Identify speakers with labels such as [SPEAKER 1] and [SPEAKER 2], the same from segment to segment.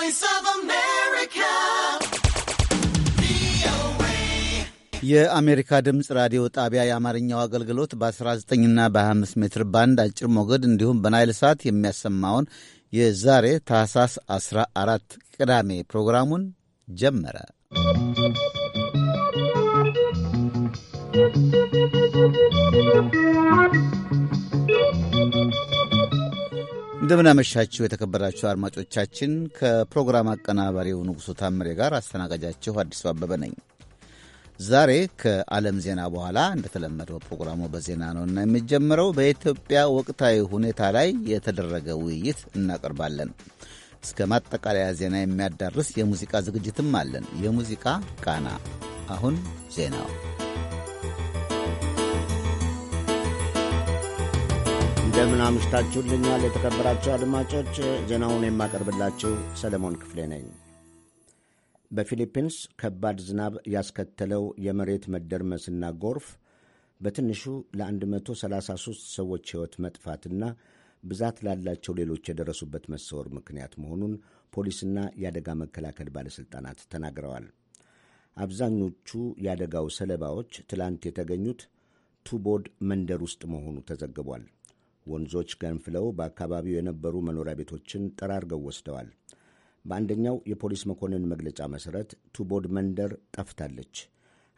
[SPEAKER 1] Voice
[SPEAKER 2] የአሜሪካ ድምፅ ራዲዮ ጣቢያ የአማርኛው አገልግሎት በ19 ና በ25 ሜትር ባንድ አጭር ሞገድ እንዲሁም በናይል ሳት የሚያሰማውን የዛሬ ታህሳስ 14 ቅዳሜ ፕሮግራሙን ጀመረ። ¶¶ እንደምናመሻችሁ የተከበራችሁ አድማጮቻችን፣ ከፕሮግራም አቀናባሪው ንጉሡ ታምሬ ጋር አስተናጋጃችሁ አዲሱ አበበ ነኝ። ዛሬ ከዓለም ዜና በኋላ እንደተለመደው ፕሮግራሙ በዜና ነውና የሚጀምረው በኢትዮጵያ ወቅታዊ ሁኔታ ላይ የተደረገ ውይይት እናቀርባለን። እስከ ማጠቃለያ ዜና የሚያዳርስ የሙዚቃ ዝግጅትም አለን። የሙዚቃ ቃና። አሁን ዜናው
[SPEAKER 3] እንደምን አምሽታችሁልኛል የተከበራችሁ አድማጮች። ዜናውን የማቀርብላችሁ ሰለሞን ክፍሌ ነኝ። በፊሊፒንስ ከባድ ዝናብ ያስከተለው የመሬት መደርመስና ጎርፍ በትንሹ ለ133 ሰዎች ሕይወት መጥፋትና ብዛት ላላቸው ሌሎች የደረሱበት መሰወር ምክንያት መሆኑን ፖሊስና የአደጋ መከላከል ባለሥልጣናት ተናግረዋል። አብዛኞቹ የአደጋው ሰለባዎች ትላንት የተገኙት ቱቦድ መንደር ውስጥ መሆኑ ተዘግቧል። ወንዞች ገንፍለው በአካባቢው የነበሩ መኖሪያ ቤቶችን ጠራርገው ወስደዋል። በአንደኛው የፖሊስ መኮንን መግለጫ መሠረት ቱቦድ መንደር ጠፍታለች።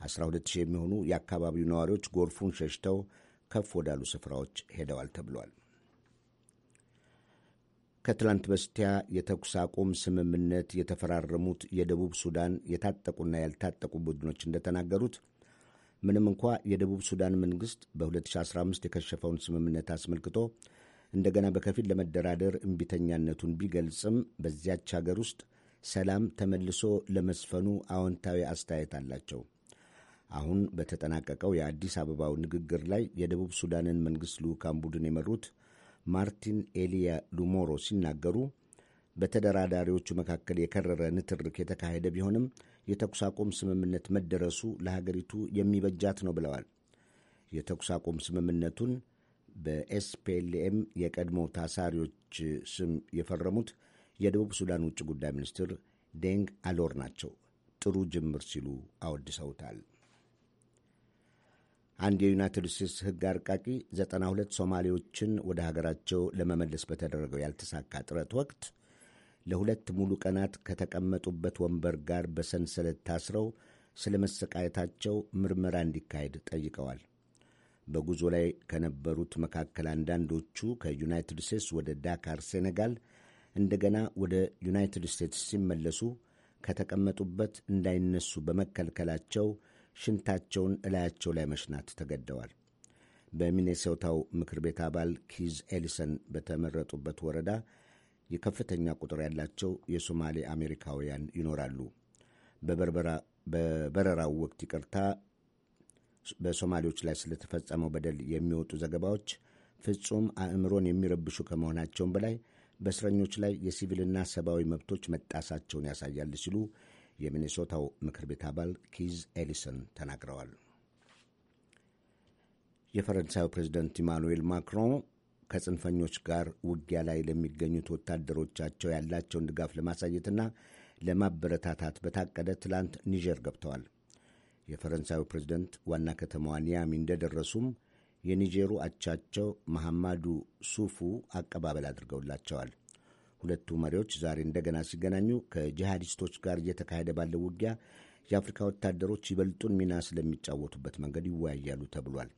[SPEAKER 3] 120 የሚሆኑ የአካባቢው ነዋሪዎች ጎርፉን ሸሽተው ከፍ ወዳሉ ስፍራዎች ሄደዋል ተብሏል። ከትላንት በስቲያ የተኩስ አቁም ስምምነት የተፈራረሙት የደቡብ ሱዳን የታጠቁና ያልታጠቁ ቡድኖች እንደተናገሩት ምንም እንኳ የደቡብ ሱዳን መንግሥት በ2015 የከሸፈውን ስምምነት አስመልክቶ እንደገና በከፊል ለመደራደር እምቢተኛነቱን ቢገልጽም በዚያች ሀገር ውስጥ ሰላም ተመልሶ ለመስፈኑ አዎንታዊ አስተያየት አላቸው። አሁን በተጠናቀቀው የአዲስ አበባው ንግግር ላይ የደቡብ ሱዳንን መንግሥት ልዑካን ቡድን የመሩት ማርቲን ኤሊያ ሉሞሮ ሲናገሩ በተደራዳሪዎቹ መካከል የከረረ ንትርክ የተካሄደ ቢሆንም የተኩስ አቁም ስምምነት መደረሱ ለሀገሪቱ የሚበጃት ነው ብለዋል። የተኩስ አቁም ስምምነቱን በኤስፒኤልኤም የቀድሞ ታሳሪዎች ስም የፈረሙት የደቡብ ሱዳን ውጭ ጉዳይ ሚኒስትር ዴንግ አሎር ናቸው። ጥሩ ጅምር ሲሉ አወድሰውታል። አንድ የዩናይትድ ስቴትስ ሕግ አርቃቂ ዘጠና ሁለት ሶማሌዎችን ወደ ሀገራቸው ለመመለስ በተደረገው ያልተሳካ ጥረት ወቅት ለሁለት ሙሉ ቀናት ከተቀመጡበት ወንበር ጋር በሰንሰለት ታስረው ስለ መሰቃየታቸው ምርመራ እንዲካሄድ ጠይቀዋል። በጉዞ ላይ ከነበሩት መካከል አንዳንዶቹ ከዩናይትድ ስቴትስ ወደ ዳካር ሴኔጋል፣ እንደገና ወደ ዩናይትድ ስቴትስ ሲመለሱ ከተቀመጡበት እንዳይነሱ በመከልከላቸው ሽንታቸውን እላያቸው ላይ መሽናት ተገደዋል። በሚኔሶታው ምክር ቤት አባል ኪዝ ኤሊሰን በተመረጡበት ወረዳ የከፍተኛ ቁጥር ያላቸው የሶማሌ አሜሪካውያን ይኖራሉ። በበረራው ወቅት ይቅርታ በሶማሌዎች ላይ ስለተፈጸመው በደል የሚወጡ ዘገባዎች ፍጹም አእምሮን የሚረብሹ ከመሆናቸውም በላይ በእስረኞች ላይ የሲቪልና ሰብአዊ መብቶች መጣሳቸውን ያሳያል ሲሉ የሚኔሶታው ምክር ቤት አባል ኪዝ ኤሊሰን ተናግረዋል። የፈረንሳዩ ፕሬዚደንት ኢማኑኤል ማክሮን ከጽንፈኞች ጋር ውጊያ ላይ ለሚገኙት ወታደሮቻቸው ያላቸውን ድጋፍ ለማሳየትና ለማበረታታት በታቀደ ትላንት ኒጀር ገብተዋል። የፈረንሳዩ ፕሬዝደንት ዋና ከተማዋ ኒያሚ እንደደረሱም የኒጀሩ አቻቸው መሐማዱ ሱፉ አቀባበል አድርገውላቸዋል። ሁለቱ መሪዎች ዛሬ እንደገና ሲገናኙ ከጂሃዲስቶች ጋር እየተካሄደ ባለው ውጊያ የአፍሪካ ወታደሮች ይበልጡን ሚና ስለሚጫወቱበት መንገድ ይወያያሉ ተብሏል።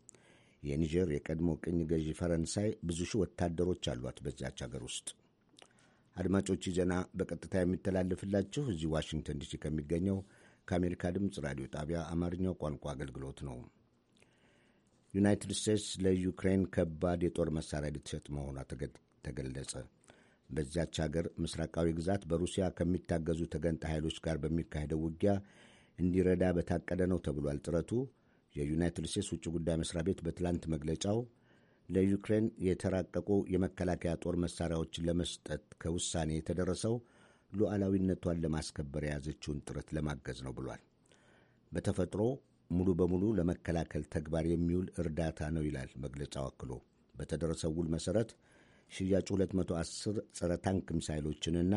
[SPEAKER 3] የኒጀር የቀድሞ ቅኝ ገዢ ፈረንሳይ ብዙ ሺህ ወታደሮች አሏት በዚያች ሀገር ውስጥ። አድማጮች ዜና በቀጥታ የሚተላለፍላችሁ እዚህ ዋሽንግተን ዲሲ ከሚገኘው ከአሜሪካ ድምፅ ራዲዮ ጣቢያ አማርኛው ቋንቋ አገልግሎት ነው። ዩናይትድ ስቴትስ ለዩክሬን ከባድ የጦር መሳሪያ ልትሰጥ መሆኗ ተገለጸ። በዚያች ሀገር ምስራቃዊ ግዛት በሩሲያ ከሚታገዙ ተገንጣ ኃይሎች ጋር በሚካሄደው ውጊያ እንዲረዳ በታቀደ ነው ተብሏል ጥረቱ የዩናይትድ ስቴትስ ውጭ ጉዳይ መስሪያ ቤት በትላንት መግለጫው ለዩክሬን የተራቀቁ የመከላከያ ጦር መሳሪያዎችን ለመስጠት ከውሳኔ የተደረሰው ሉዓላዊነቷን ለማስከበር የያዘችውን ጥረት ለማገዝ ነው ብሏል። በተፈጥሮ ሙሉ በሙሉ ለመከላከል ተግባር የሚውል እርዳታ ነው ይላል መግለጫው አክሎ። በተደረሰው ውል መሠረት ሽያጭ 210 ጸረ ታንክ ሚሳይሎችንና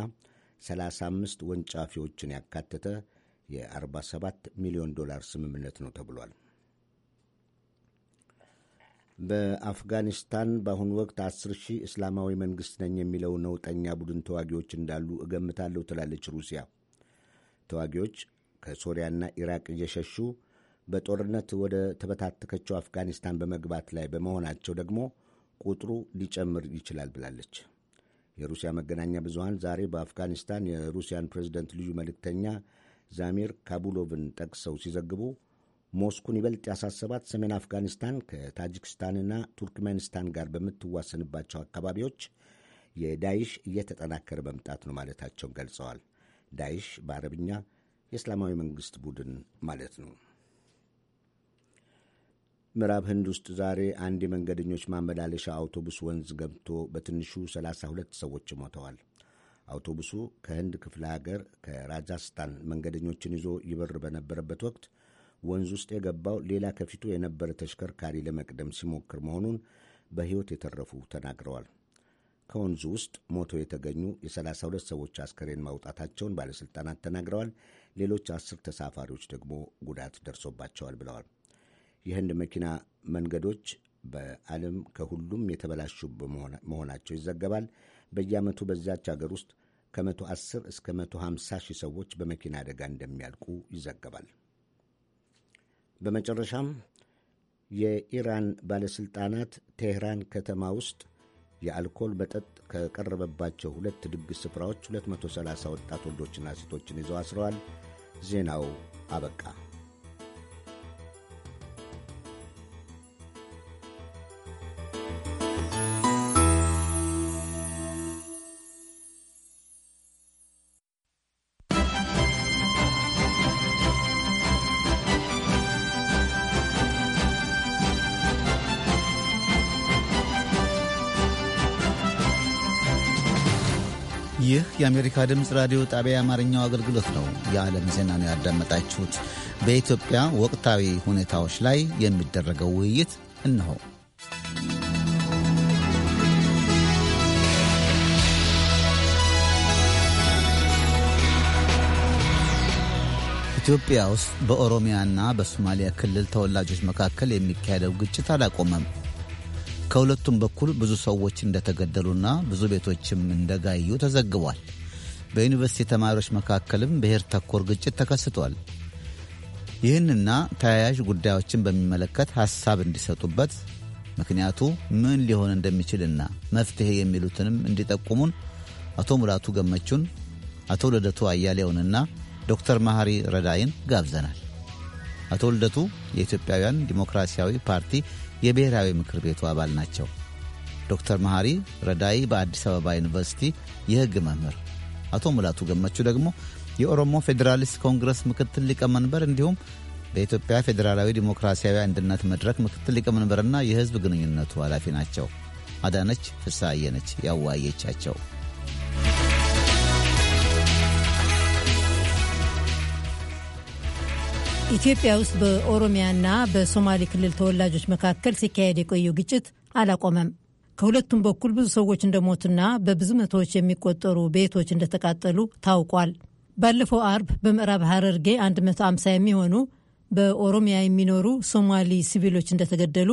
[SPEAKER 3] 35 ወንጫፊዎችን ያካተተ የ47 ሚሊዮን ዶላር ስምምነት ነው ተብሏል። በአፍጋኒስታን በአሁኑ ወቅት አስር ሺህ እስላማዊ መንግሥት ነኝ የሚለው ነውጠኛ ቡድን ተዋጊዎች እንዳሉ እገምታለሁ ትላለች ሩሲያ። ተዋጊዎች ከሶሪያና ኢራቅ እየሸሹ በጦርነት ወደ ተበታተከችው አፍጋኒስታን በመግባት ላይ በመሆናቸው ደግሞ ቁጥሩ ሊጨምር ይችላል ብላለች። የሩሲያ መገናኛ ብዙሃን ዛሬ በአፍጋኒስታን የሩሲያን ፕሬዝደንት ልዩ መልእክተኛ ዛሚር ካቡሎቭን ጠቅሰው ሲዘግቡ ሞስኩን ይበልጥ ያሳሰባት ሰሜን አፍጋኒስታን ከታጂክስታንና ቱርክሜኒስታን ጋር በምትዋሰንባቸው አካባቢዎች የዳይሽ እየተጠናከረ መምጣት ነው ማለታቸውን ገልጸዋል። ዳይሽ በአረብኛ የእስላማዊ መንግስት ቡድን ማለት ነው። ምዕራብ ህንድ ውስጥ ዛሬ አንድ የመንገደኞች ማመላለሻ አውቶቡስ ወንዝ ገብቶ በትንሹ 32 ሰዎች ሞተዋል። አውቶቡሱ ከህንድ ክፍለ ሀገር ከራጃስታን መንገደኞችን ይዞ ይበር በነበረበት ወቅት ወንዝ ውስጥ የገባው ሌላ ከፊቱ የነበረ ተሽከርካሪ ለመቅደም ሲሞክር መሆኑን በሕይወት የተረፉ ተናግረዋል። ከወንዙ ውስጥ ሞተው የተገኙ የ32 ሰዎች አስከሬን ማውጣታቸውን ባለሥልጣናት ተናግረዋል። ሌሎች አስር ተሳፋሪዎች ደግሞ ጉዳት ደርሶባቸዋል ብለዋል። የህንድ መኪና መንገዶች በዓለም ከሁሉም የተበላሹ መሆናቸው ይዘገባል። በየዓመቱ በዚያች ሀገር ውስጥ ከ110 እስከ 150 ሺህ ሰዎች በመኪና አደጋ እንደሚያልቁ ይዘገባል። በመጨረሻም የኢራን ባለሥልጣናት ቴህራን ከተማ ውስጥ የአልኮል መጠጥ ከቀረበባቸው ሁለት ድግስ ስፍራዎች 230 ወጣት ወንዶችና ሴቶችን ይዘው አስረዋል። ዜናው አበቃ።
[SPEAKER 2] የአሜሪካ ድምፅ ራዲዮ ጣቢያ የአማርኛው አገልግሎት ነው። የዓለም ዜና ነው ያዳመጣችሁት። በኢትዮጵያ ወቅታዊ ሁኔታዎች ላይ የሚደረገው ውይይት እነሆ። ኢትዮጵያ ውስጥ በኦሮሚያና በሶማሊያ ክልል ተወላጆች መካከል የሚካሄደው ግጭት አላቆመም። ከሁለቱም በኩል ብዙ ሰዎች እንደተገደሉና ብዙ ቤቶችም እንደጋዩ ተዘግቧል። በዩኒቨርሲቲ ተማሪዎች መካከልም ብሔር ተኮር ግጭት ተከስቷል። ይህንና ተያያዥ ጉዳዮችን በሚመለከት ሐሳብ እንዲሰጡበት ምክንያቱ ምን ሊሆን እንደሚችልና መፍትሔ የሚሉትንም እንዲጠቁሙን አቶ ሙላቱ ገመቹን፣ አቶ ልደቱ አያሌውንና ዶክተር መሐሪ ረዳይን ጋብዘናል። አቶ ልደቱ የኢትዮጵያውያን ዲሞክራሲያዊ ፓርቲ የብሔራዊ ምክር ቤቱ አባል ናቸው። ዶክተር መሐሪ ረዳይ በአዲስ አበባ ዩኒቨርሲቲ የሕግ መምህር አቶ ሙላቱ ገመቹ ደግሞ የኦሮሞ ፌዴራሊስት ኮንግረስ ምክትል ሊቀመንበር እንዲሁም በኢትዮጵያ ፌዴራላዊ ዲሞክራሲያዊ አንድነት መድረክ ምክትል ሊቀመንበርና የህዝብ ግንኙነቱ ኃላፊ ናቸው። አዳነች ፍስሐዬ ነች ያዋየቻቸው።
[SPEAKER 4] ኢትዮጵያ ውስጥ በኦሮሚያና በሶማሌ ክልል ተወላጆች መካከል ሲካሄድ የቆየው ግጭት አላቆመም። ከሁለቱም በኩል ብዙ ሰዎች እንደሞቱና በብዙ መቶዎች የሚቆጠሩ ቤቶች እንደተቃጠሉ ታውቋል። ባለፈው አርብ በምዕራብ ሐረርጌ 150 የሚሆኑ በኦሮሚያ የሚኖሩ ሶማሊ ሲቪሎች እንደተገደሉ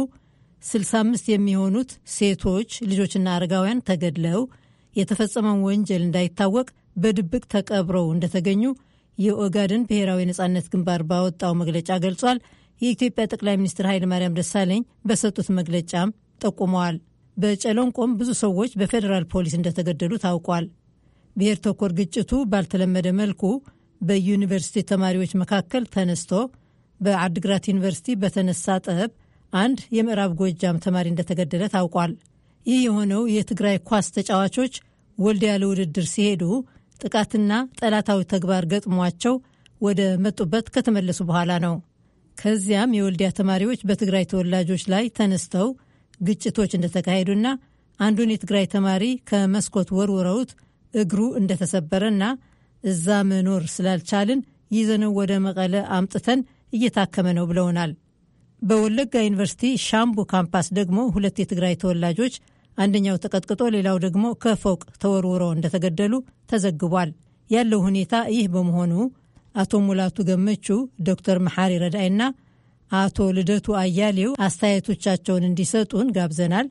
[SPEAKER 4] 65 የሚሆኑት ሴቶች፣ ልጆችና አረጋውያን ተገድለው የተፈጸመውን ወንጀል እንዳይታወቅ በድብቅ ተቀብረው እንደተገኙ የኦጋደን ብሔራዊ ነጻነት ግንባር ባወጣው መግለጫ ገልጿል። የኢትዮጵያ ጠቅላይ ሚኒስትር ኃይለማርያም ደሳለኝ በሰጡት መግለጫም ጠቁመዋል። በጨለንቆም ብዙ ሰዎች በፌዴራል ፖሊስ እንደተገደሉ ታውቋል። ብሔር ተኮር ግጭቱ ባልተለመደ መልኩ በዩኒቨርሲቲ ተማሪዎች መካከል ተነስቶ በአድግራት ዩኒቨርሲቲ በተነሳ ጠብ አንድ የምዕራብ ጎጃም ተማሪ እንደተገደለ ታውቋል። ይህ የሆነው የትግራይ ኳስ ተጫዋቾች ወልዲያ ለውድድር ሲሄዱ ጥቃትና ጠላታዊ ተግባር ገጥሟቸው ወደ መጡበት ከተመለሱ በኋላ ነው። ከዚያም የወልዲያ ተማሪዎች በትግራይ ተወላጆች ላይ ተነስተው ግጭቶች እንደተካሄዱና አንዱን የትግራይ ተማሪ ከመስኮት ወርውረውት እግሩ እንደተሰበረና እዛ መኖር ስላልቻልን ይዘነው ወደ መቀለ አምጥተን እየታከመ ነው ብለውናል። በወለጋ ዩኒቨርሲቲ ሻምቡ ካምፓስ ደግሞ ሁለት የትግራይ ተወላጆች አንደኛው ተቀጥቅጦ ሌላው ደግሞ ከፎቅ ተወርውረው እንደተገደሉ ተዘግቧል። ያለው ሁኔታ ይህ በመሆኑ አቶ ሙላቱ ገመቹ፣ ዶክተር መሐሪ ረዳይና አቶ ልደቱ አያሌው አስተያየቶቻቸውን እንዲሰጡን ጋብዘናል።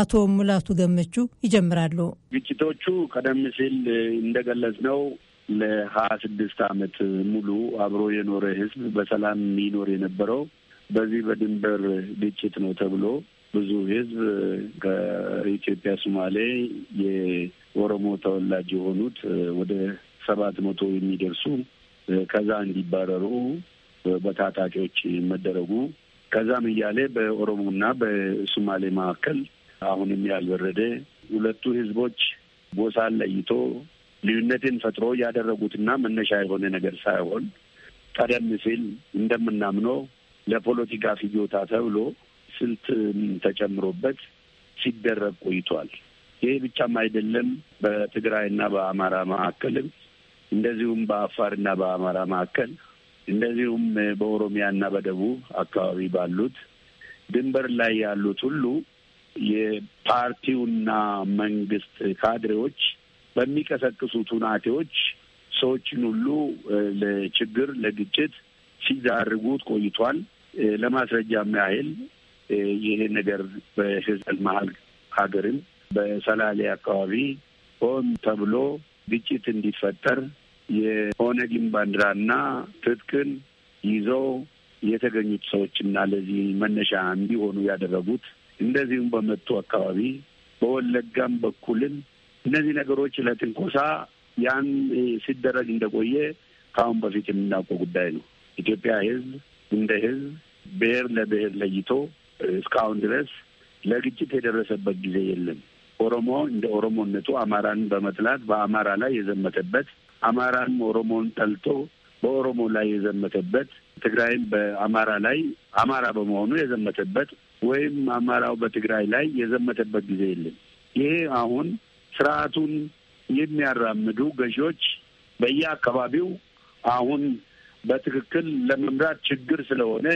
[SPEAKER 4] አቶ ሙላቱ ገመቹ ይጀምራሉ።
[SPEAKER 5] ግጭቶቹ ቀደም ሲል እንደገለጽ ነው ለሀያ ስድስት አመት ሙሉ አብሮ የኖረ ህዝብ በሰላም የሚኖር የነበረው በዚህ በድንበር ግጭት ነው ተብሎ ብዙ ህዝብ ከኢትዮጵያ ሶማሌ፣ የኦሮሞ ተወላጅ የሆኑት ወደ ሰባት መቶ የሚደርሱ ከዛ እንዲባረሩ በታጣቂዎች መደረጉ ከዛም እያለ በኦሮሞና በሱማሌ መካከል አሁንም ያልበረደ ሁለቱ ህዝቦች ጎሳን ለይቶ ልዩነትን ፈጥሮ ያደረጉትና መነሻ የሆነ ነገር ሳይሆን ቀደም ሲል እንደምናምነው ለፖለቲካ ፍጆታ ተብሎ ስልት ተጨምሮበት ሲደረግ ቆይቷል። ይህ ብቻም አይደለም። በትግራይና በአማራ መካከልም እንደዚሁም በአፋርና በአማራ መካከል እንደዚሁም በኦሮሚያና በደቡብ አካባቢ ባሉት ድንበር ላይ ያሉት ሁሉ የፓርቲውና መንግስት ካድሬዎች በሚቀሰቅሱት ሁናቴዎች ሰዎችን ሁሉ ለችግር ለግጭት ሲዳርጉት ቆይቷል። ለማስረጃም ያህል ይሄ ነገር በህዝብ መሀል ሀገርን በሰላሌ አካባቢ ሆን ተብሎ ግጭት እንዲፈጠር የኦነግን ባንዲራና ትጥቅን ይዘው የተገኙት ሰዎችና ለዚህ መነሻ እንዲሆኑ ያደረጉት እንደዚሁም በመቱ አካባቢ በወለጋም በኩልም እነዚህ ነገሮች ለትንኮሳ ያን ሲደረግ እንደቆየ ከአሁን በፊት የምናውቀው ጉዳይ ነው። ኢትዮጵያ ሕዝብ እንደ ሕዝብ ብሔር ለብሔር ለይቶ እስካሁን ድረስ ለግጭት የደረሰበት ጊዜ የለም። ኦሮሞ እንደ ኦሮሞነቱ አማራን በመጥላት በአማራ ላይ የዘመተበት አማራን ኦሮሞን ጠልቶ በኦሮሞ ላይ የዘመተበት ትግራይን በአማራ ላይ አማራ በመሆኑ የዘመተበት ወይም አማራው በትግራይ ላይ የዘመተበት ጊዜ የለም። ይሄ አሁን ስርዓቱን የሚያራምዱ ገዢዎች በየአካባቢው አሁን በትክክል ለመምራት ችግር ስለሆነ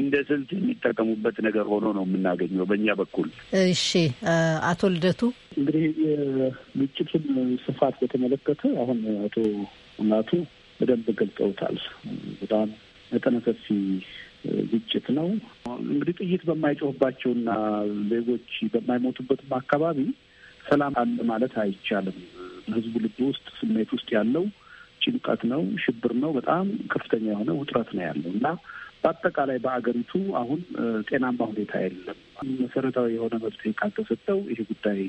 [SPEAKER 5] እንደ ስልት የሚጠቀሙበት ነገር ሆኖ ነው የምናገኘው በእኛ በኩል።
[SPEAKER 4] እሺ፣ አቶ
[SPEAKER 6] ልደቱ እንግዲህ የግጭቱን ስፋት በተመለከተ አሁን አቶ እናቱ በደንብ ገልጸውታል። በጣም መጠነ ሰፊ ግጭት ነው። እንግዲህ ጥይት በማይጮህባቸውና ዜጎች በማይሞቱበትም አካባቢ ሰላም አለ ማለት አይቻልም። በህዝቡ ልብ ውስጥ ስሜት ውስጥ ያለው ጭንቀት ነው፣ ሽብር ነው፣ በጣም ከፍተኛ የሆነ ውጥረት ነው ያለው እና በአጠቃላይ በአገሪቱ አሁን ጤናማ ሁኔታ የለም። መሰረታዊ የሆነ መፍትሄ ካልተሰጠው ይሄ ጉዳይ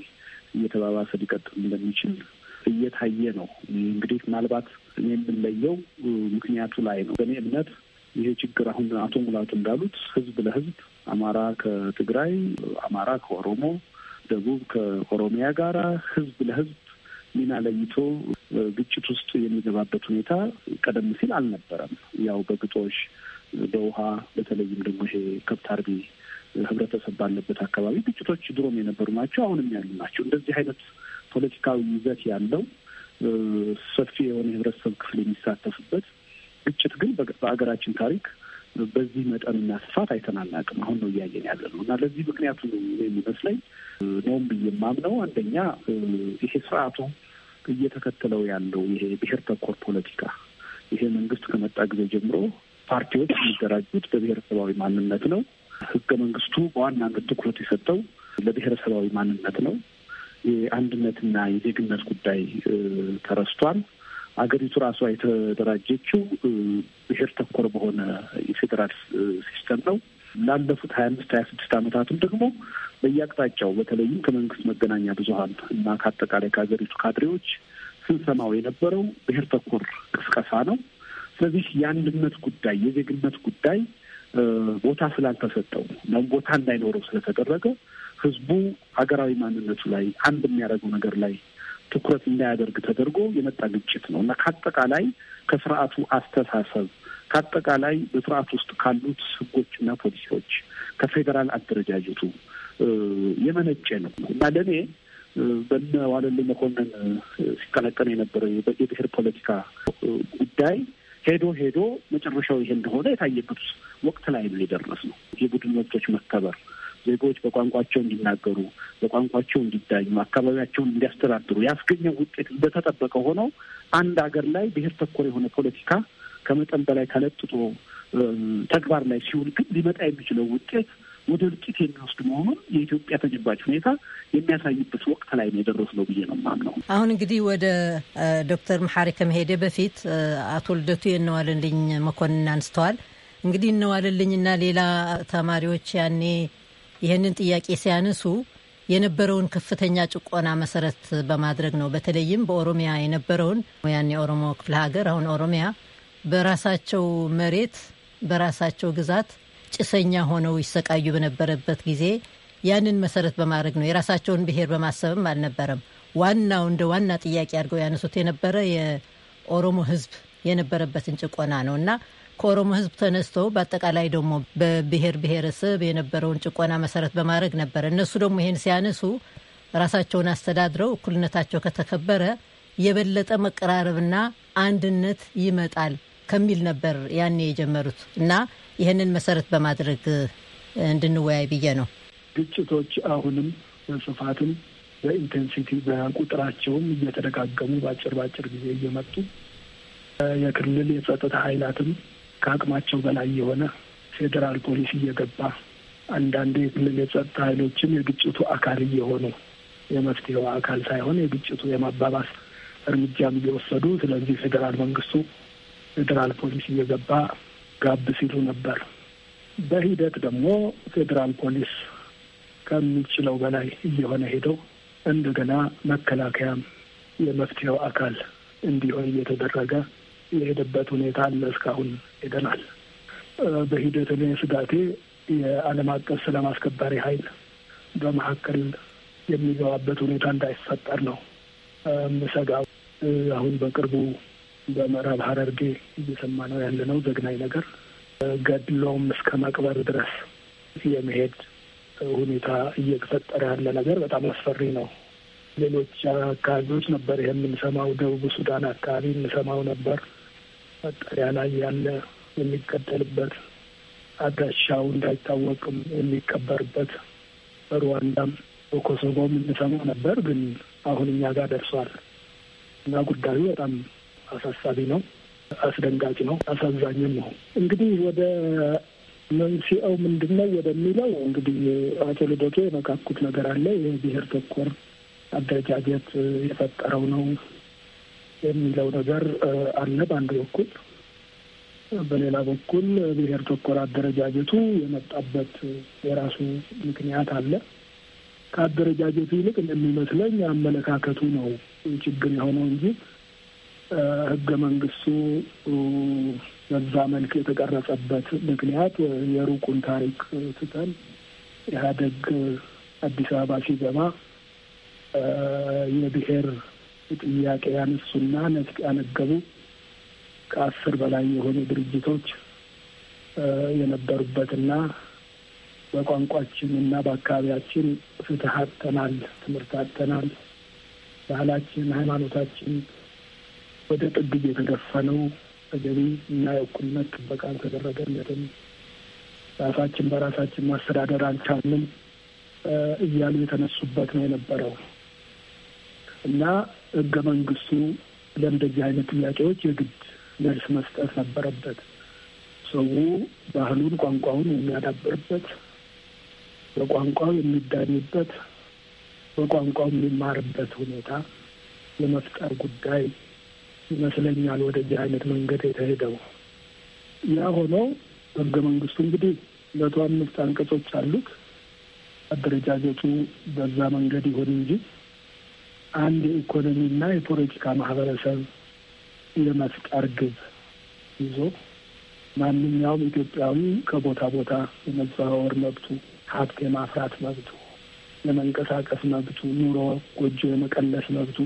[SPEAKER 6] እየተባባሰ ሊቀጥል እንደሚችል እየታየ ነው። እንግዲህ ምናልባት እኔ የምንለየው ምክንያቱ ላይ ነው። በእኔ እምነት ይሄ ችግር አሁን አቶ ሙላቱ እንዳሉት ህዝብ ለህዝብ አማራ ከትግራይ፣ አማራ ከኦሮሞ፣ ደቡብ ከኦሮሚያ ጋራ ህዝብ ለህዝብ ሚና ለይቶ ግጭት ውስጥ የሚገባበት ሁኔታ ቀደም ሲል አልነበረም። ያው በግጦሽ በውሃ በተለይም ደግሞ ይሄ ከብት አርቢ ህብረተሰብ ባለበት አካባቢ ግጭቶች ድሮም የነበሩ ናቸው፣ አሁንም ያሉ ናቸው። እንደዚህ አይነት ፖለቲካዊ ይዘት ያለው ሰፊ የሆነ የህብረተሰብ ክፍል የሚሳተፍበት ግጭት ግን በሀገራችን ታሪክ በዚህ መጠንና ስፋት አይተናናቅም። አሁን ነው እያየን ያለ ነው እና ለዚህ ምክንያቱ የሚመስለኝ ነውም ብዬ የማምነው አንደኛ ይሄ ስርዓቱ እየተከተለው ያለው ይሄ ብሄር ተኮር ፖለቲካ ይሄ መንግስት ከመጣ ጊዜ ጀምሮ ፓርቲዎች የሚደራጁት በብሔረሰባዊ ማንነት ነው። ህገ መንግስቱ በዋናነት ትኩረት የሰጠው ለብሔረሰባዊ ማንነት ነው። የአንድነትና የዜግነት ጉዳይ ተረስቷል። አገሪቱ ራሷ የተደራጀችው ብሔር ተኮር በሆነ የፌዴራል ሲስተም ነው። ላለፉት ሀያ አምስት ሀያ ስድስት ዓመታትም ደግሞ በየአቅጣጫው በተለይም ከመንግስት መገናኛ ብዙኃን እና ከአጠቃላይ ከሀገሪቱ ካድሬዎች ስንሰማው የነበረው ብሔር ተኮር ቅስቀሳ ነው። ስለዚህ የአንድነት ጉዳይ የዜግነት ጉዳይ ቦታ ስላልተሰጠው ነው ቦታ እንዳይኖረው ስለተደረገ ህዝቡ ሀገራዊ ማንነቱ ላይ አንድ የሚያደርገው ነገር ላይ ትኩረት እንዳያደርግ ተደርጎ የመጣ ግጭት ነው እና ከአጠቃላይ ከስርዓቱ አስተሳሰብ ከአጠቃላይ በስርዓት ውስጥ ካሉት ህጎችና ፖሊሲዎች ከፌዴራል አደረጃጀቱ የመነጨ ነው እና ለእኔ በነ ዋለልኝ መኮንን ሲቀነቀን የነበረው የብሔር ፖለቲካ ጉዳይ ሄዶ ሄዶ መጨረሻው ይሄ እንደሆነ የታየበት ወቅት ላይ ነው የደረስ ነው። የቡድን መብቶች መከበር ዜጎች በቋንቋቸው እንዲናገሩ፣ በቋንቋቸው እንዲዳኙ፣ አካባቢያቸውን እንዲያስተዳድሩ ያስገኘው ውጤት እንደተጠበቀ ሆነው አንድ ሀገር ላይ ብሔር ተኮር የሆነ ፖለቲካ ከመጠን በላይ ተለጥጦ ተግባር ላይ ሲውል ግን ሊመጣ የሚችለው ውጤት ወደ እልቂት የሚወስድ መሆኑን የኢትዮጵያ ተጨባጭ ሁኔታ የሚያሳይበት ወቅት ላይ ነው ነው ብዬ ነው የማምነው።
[SPEAKER 4] አሁን እንግዲህ ወደ ዶክተር መሐሪ ከመሄዴ በፊት አቶ ልደቱ የነዋለልኝ መኮንን አንስተዋል። እንግዲህ እነዋለልኝና ሌላ ተማሪዎች ያኔ ይህንን ጥያቄ ሲያነሱ የነበረውን ከፍተኛ ጭቆና መሰረት በማድረግ ነው። በተለይም በኦሮሚያ የነበረውን ያኔ የኦሮሞ ክፍለ ሀገር አሁን ኦሮሚያ በራሳቸው መሬት በራሳቸው ግዛት ጭሰኛ ሆነው ይሰቃዩ በነበረበት ጊዜ ያንን መሰረት በማድረግ ነው። የራሳቸውን ብሔር በማሰብም አልነበረም። ዋናው እንደ ዋና ጥያቄ አድርገው ያነሱት የነበረ የኦሮሞ ሕዝብ የነበረበትን ጭቆና ነው እና ከኦሮሞ ሕዝብ ተነስተው በአጠቃላይ ደግሞ በብሔር ብሔረሰብ የነበረውን ጭቆና መሰረት በማድረግ ነበረ። እነሱ ደግሞ ይሄን ሲያነሱ ራሳቸውን አስተዳድረው እኩልነታቸው ከተከበረ የበለጠ መቀራረብና አንድነት ይመጣል ከሚል ነበር ያኔ የጀመሩት እና ይህንን መሰረት በማድረግ እንድንወያይ ብዬ ነው።
[SPEAKER 6] ግጭቶች አሁንም በስፋትም በኢንቴንሲቲ በቁጥራቸውም እየተደጋገሙ በአጭር በአጭር ጊዜ እየመጡ የክልል የጸጥታ ኃይላትም ከአቅማቸው በላይ የሆነ ፌዴራል ፖሊስ እየገባ አንዳንድ የክልል የጸጥታ ኃይሎችም የግጭቱ አካል እየሆኑ የመፍትሄው አካል ሳይሆን የግጭቱ የማባባስ እርምጃም እየወሰዱ ስለዚህ ፌዴራል መንግስቱ ፌዴራል ፖሊስ እየገባ ጋብ ሲሉ ነበር። በሂደት ደግሞ ፌዴራል ፖሊስ ከሚችለው በላይ እየሆነ ሄደው እንደገና መከላከያም የመፍትሄው አካል እንዲሆን እየተደረገ የሄደበት ሁኔታ አለ። እስካሁን ሄደናል። በሂደት እኔ ስጋቴ የዓለም አቀፍ ሰላም አስከባሪ ኃይል በመካከል የሚገባበት ሁኔታ እንዳይፈጠር ነው ምሰጋው። አሁን በቅርቡ በምዕራብ ሐረርጌ እየሰማ ነው ነው ዘግናኝ ነገር ገድሎም እስከ መቅበር ድረስ የመሄድ ሁኔታ እየተፈጠረ ያለ ነገር በጣም አስፈሪ ነው። ሌሎች አካባቢዎች ነበር ይህ የምንሰማው። ደቡብ ሱዳን አካባቢ የምንሰማው ነበር። መጠሪያ ላይ ያለ የሚገደልበት፣ አድራሻው እንዳይታወቅም የሚቀበርበት፣ በሩዋንዳም በኮሶቮም የምንሰማው ነበር። ግን አሁን እኛ ጋር ደርሷል እና ጉዳዩ በጣም አሳሳቢ ነው፣ አስደንጋጭ ነው፣ አሳዛኝም ነው። እንግዲህ ወደ መንስኤው ምንድን ነው ወደሚለው እንግዲህ አቶ ልደቱ የነካኩት ነገር አለ። የብሔር ተኮር አደረጃጀት የፈጠረው ነው የሚለው ነገር አለ በአንድ በኩል። በሌላ በኩል ብሔር ተኮር አደረጃጀቱ የመጣበት የራሱ ምክንያት አለ። ከአደረጃጀቱ ይልቅ እንደሚመስለኝ አመለካከቱ ነው ችግር የሆነው እንጂ ህገ መንግስቱ በዛ መልክ የተቀረጸበት ምክንያት የሩቁን ታሪክ ትተን ኢህአዴግ አዲስ አበባ ሲገባ የብሔር ጥያቄ ያነሱና ነጥቅ ያነገቡ ከአስር በላይ የሆኑ ድርጅቶች የነበሩበትና በቋንቋችን እና በአካባቢያችን ፍትህ አጥተናል፣ ትምህርት አጥተናል፣ ባህላችን፣ ሃይማኖታችን ወደ ጥግ እየተገፋ ነው። ተገቢ እና የእኩልነት ጥበቃ አልተደረገልንም፣ ራሳችን በራሳችን ማስተዳደር አልቻልንም እያሉ የተነሱበት ነው የነበረው እና ህገ መንግስቱ ለእንደዚህ አይነት ጥያቄዎች የግድ መልስ መስጠት ነበረበት። ሰው ባህሉን፣ ቋንቋውን የሚያዳብርበት፣ በቋንቋው የሚዳኝበት፣ በቋንቋው የሚማርበት ሁኔታ የመፍጠር ጉዳይ ይመስለኛል ወደዚህ አይነት መንገድ የተሄደው። ያ ሆኖ ህገ መንግስቱ እንግዲህ መቶ አምስት አንቀጾች አሉት። አደረጃጀቱ በዛ መንገድ ይሁን እንጂ አንድ የኢኮኖሚና የፖለቲካ ማህበረሰብ የመፍጠር ግብ ይዞ ማንኛውም ኢትዮጵያዊ ከቦታ ቦታ የመዘዋወር መብቱ፣ ሀብት የማፍራት መብቱ፣ የመንቀሳቀስ መብቱ፣ ኑሮ ጎጆ የመቀለስ መብቱ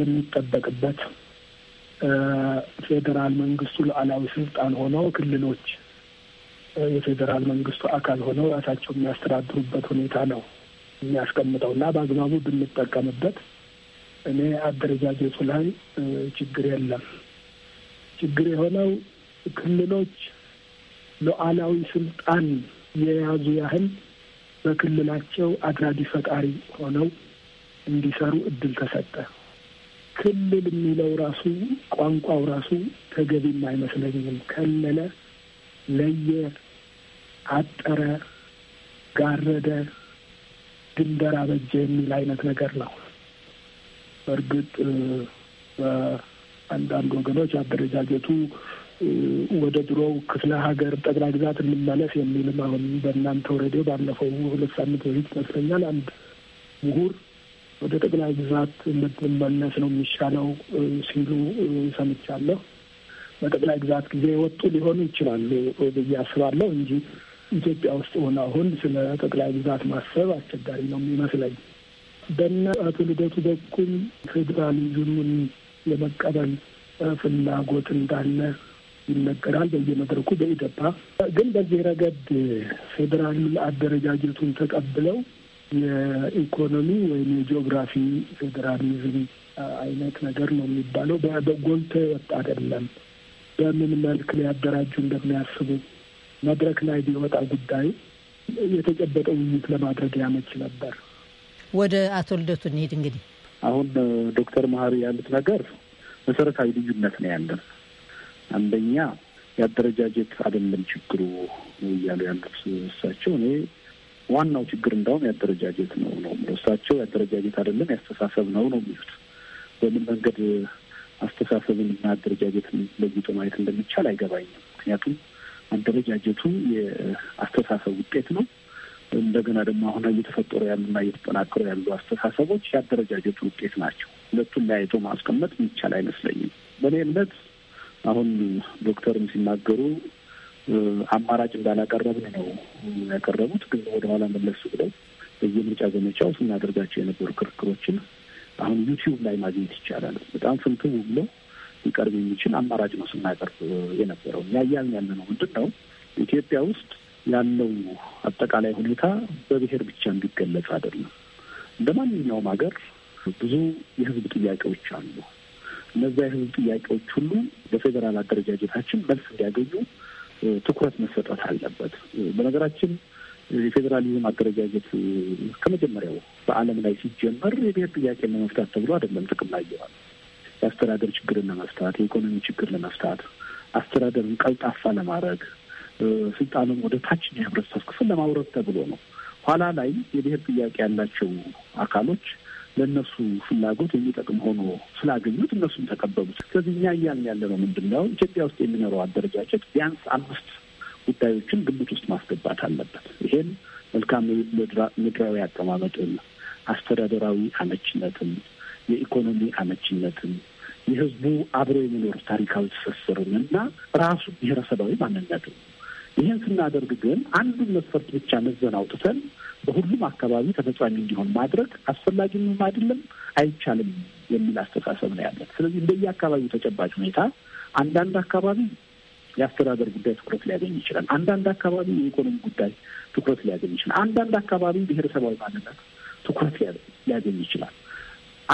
[SPEAKER 6] የሚጠበቅበት ፌዴራል መንግስቱ ሉዓላዊ ስልጣን ሆነው ክልሎች የፌዴራል መንግስቱ አካል ሆነው ራሳቸው የሚያስተዳድሩበት ሁኔታ ነው የሚያስቀምጠው እና በአግባቡ ብንጠቀምበት እኔ አደረጃጀቱ ላይ ችግር የለም። ችግር የሆነው ክልሎች ሉዓላዊ ስልጣን የያዙ ያህል በክልላቸው አድራጊ ፈጣሪ ሆነው እንዲሰሩ እድል ተሰጠ። ክልል የሚለው ራሱ ቋንቋው ራሱ ተገቢም አይመስለኝም። ከለለ፣ ለየ፣ አጠረ፣ ጋረደ፣ ድንበር አበጀ የሚል አይነት ነገር ነው። በእርግጥ በአንዳንድ ወገኖች አደረጃጀቱ ወደ ድሮው ክፍለ ሀገር ጠቅላይ ግዛት እንመለስ የሚልም አሁን በእናንተው ሬዲዮ ባለፈው ሁለት ሳምንት በፊት ይመስለኛል አንድ ምሁር ወደ ጠቅላይ ግዛት እንድትመለስ ነው የሚሻለው ሲሉ ሰምቻለሁ። በጠቅላይ ግዛት ጊዜ የወጡ ሊሆኑ ይችላሉ ብዬ አስባለሁ እንጂ ኢትዮጵያ ውስጥ ሆነ አሁን ስለ ጠቅላይ ግዛት ማሰብ አስቸጋሪ ነው የሚመስለኝ። በነ አቶ ልደቱ በኩል ፌዴራሊዝሙን የመቀበል ፍላጎት እንዳለ ይነገራል በየመድረኩ በኢደፓ። ግን በዚህ ረገድ ፌዴራል አደረጃጀቱን ተቀብለው የኢኮኖሚ ወይም የጂኦግራፊ ፌዴራሊዝም አይነት ነገር ነው የሚባለው። በጎልቶ የወጣ አይደለም። በምን መልክ ሊያደራጁ እንደሚያስቡ መድረክ ላይ ቢወጣ
[SPEAKER 4] ጉዳዩ የተጨበጠ ውይይት ለማድረግ ያመች ነበር። ወደ አቶ ልደቱ እንሄድ። እንግዲህ
[SPEAKER 6] አሁን ዶክተር መሀሪ ያሉት ነገር መሰረታዊ ልዩነት ነው ያለን። አንደኛ የአደረጃጀት አይደለም ችግሩ እያሉ ያሉት እሳቸው እኔ ዋናው ችግር እንደውም የአደረጃጀት ነው ነው እሳቸው ያደረጃጀት አይደለም ያስተሳሰብ ነው ነው የሚሉት። በምን መንገድ አስተሳሰብን እና አደረጃጀትን ለይቶ ማየት እንደሚቻል አይገባኝም። ምክንያቱም አደረጃጀቱ የአስተሳሰብ ውጤት ነው። እንደገና ደግሞ አሁን እየተፈጠሩ ያሉና እየተጠናከሩ ያሉ አስተሳሰቦች የአደረጃጀቱ ውጤት ናቸው። ሁለቱን ለያይቶ ማስቀመጥ የሚቻል አይመስለኝም። በእኔ እምነት አሁን ዶክተርም ሲናገሩ አማራጭ እንዳላቀረብን ነው ያቀረቡት። ግን ወደኋላ መለሱ ብለው በየምርጫ ዘመቻው ስናደርጋቸው የነበሩ ክርክሮችን አሁን ዩቲዩብ ላይ ማግኘት ይቻላል። በጣም ፍንትው ብሎ ሊቀርብ የሚችል አማራጭ ነው ስናቀርብ የነበረው። ያያልን ያለ ነው ምንድን ነው ኢትዮጵያ ውስጥ ያለው አጠቃላይ ሁኔታ በብሔር ብቻ እንዲገለጽ አይደለም። እንደ ማንኛውም ሀገር ብዙ የህዝብ ጥያቄዎች አሉ። እነዚያ የህዝብ ጥያቄዎች ሁሉ በፌዴራል አደረጃጀታችን መልስ እንዲያገኙ ትኩረት መሰጠት አለበት። በነገራችን የፌዴራሊዝም አደረጃጀት ከመጀመሪያው በዓለም ላይ ሲጀመር የብሔር ጥያቄን ለመፍታት ተብሎ አይደለም ጥቅም ላይ ይዋል። የአስተዳደር ችግርን ለመፍታት፣ የኢኮኖሚ ችግር ለመፍታት፣ አስተዳደርን ቀልጣፋ ለማድረግ፣ ስልጣንን ወደ ታችኛው የህብረተሰብ ክፍል ለማውረድ ተብሎ ነው። ኋላ ላይ የብሔር ጥያቄ ያላቸው አካሎች ለእነሱ ፍላጎት የሚጠቅም ሆኖ ስላገኙት እነሱም ተቀበሉት። ስለዚህ እኛ እያልን ያለ ነው ምንድን ነው ኢትዮጵያ ውስጥ የሚኖረው አደረጃጀት ቢያንስ አምስት ጉዳዮችን ግምት ውስጥ ማስገባት አለበት። ይሄን መልካም ምድራዊ አቀማመጥን፣ አስተዳደራዊ አመችነትን፣ የኢኮኖሚ አመችነትን፣ የህዝቡ አብሮ የሚኖር ታሪካዊ ትስስርን እና ራሱ ብሔረሰባዊ ማንነትን። ይህን ስናደርግ ግን አንዱን መስፈርት ብቻ መዘን አውጥተን በሁሉም አካባቢ ተፈጻሚ እንዲሆን ማድረግ አስፈላጊም አይደለም፣ አይቻልም የሚል አስተሳሰብ ነው ያለን። ስለዚህ እንደየ አካባቢው ተጨባጭ ሁኔታ አንዳንድ አካባቢ የአስተዳደር ጉዳይ ትኩረት ሊያገኝ ይችላል። አንዳንድ አካባቢ የኢኮኖሚ ጉዳይ ትኩረት ሊያገኝ ይችላል። አንዳንድ አካባቢ ብሔረሰባዊ ማንነት ትኩረት ሊያገኝ ይችላል።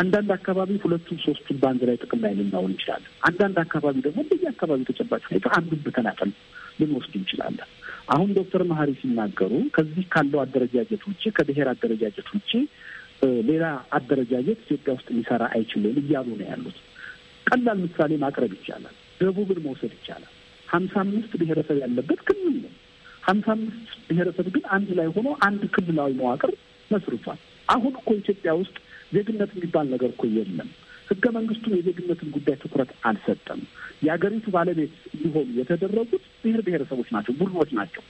[SPEAKER 6] አንዳንድ አካባቢ ሁለቱም ሶስቱም በአንድ ላይ ጥቅም ላይ ልናውል እንችላለን። አንዳንድ አካባቢ ደግሞ እንደየ አካባቢ ተጨባጭ ሁኔታ አንዱን በተናጠል ልንወስድ እንችላለን። አሁን ዶክተር መሀሪ ሲናገሩ ከዚህ ካለው አደረጃጀት ውጭ ከብሔር አደረጃጀት ውጭ ሌላ አደረጃጀት ኢትዮጵያ ውስጥ ሊሰራ አይችልም እያሉ ነው ያሉት። ቀላል ምሳሌ ማቅረብ ይቻላል። ደቡብን መውሰድ ይቻላል። ሀምሳ አምስት ብሔረሰብ ያለበት ክልል ነው። ሀምሳ አምስት ብሔረሰብ ግን አንድ ላይ ሆኖ አንድ ክልላዊ መዋቅር መስርቷል። አሁን እኮ ኢትዮጵያ ውስጥ ዜግነት የሚባል ነገር እኮ የለም። ህገ መንግስቱ የዜግነትን ጉዳይ ትኩረት አልሰጠም። የሀገሪቱ ባለቤት ሊሆኑ የተደረጉት ብሔር ብሔረሰቦች ናቸው፣ ቡድኖች ናቸው።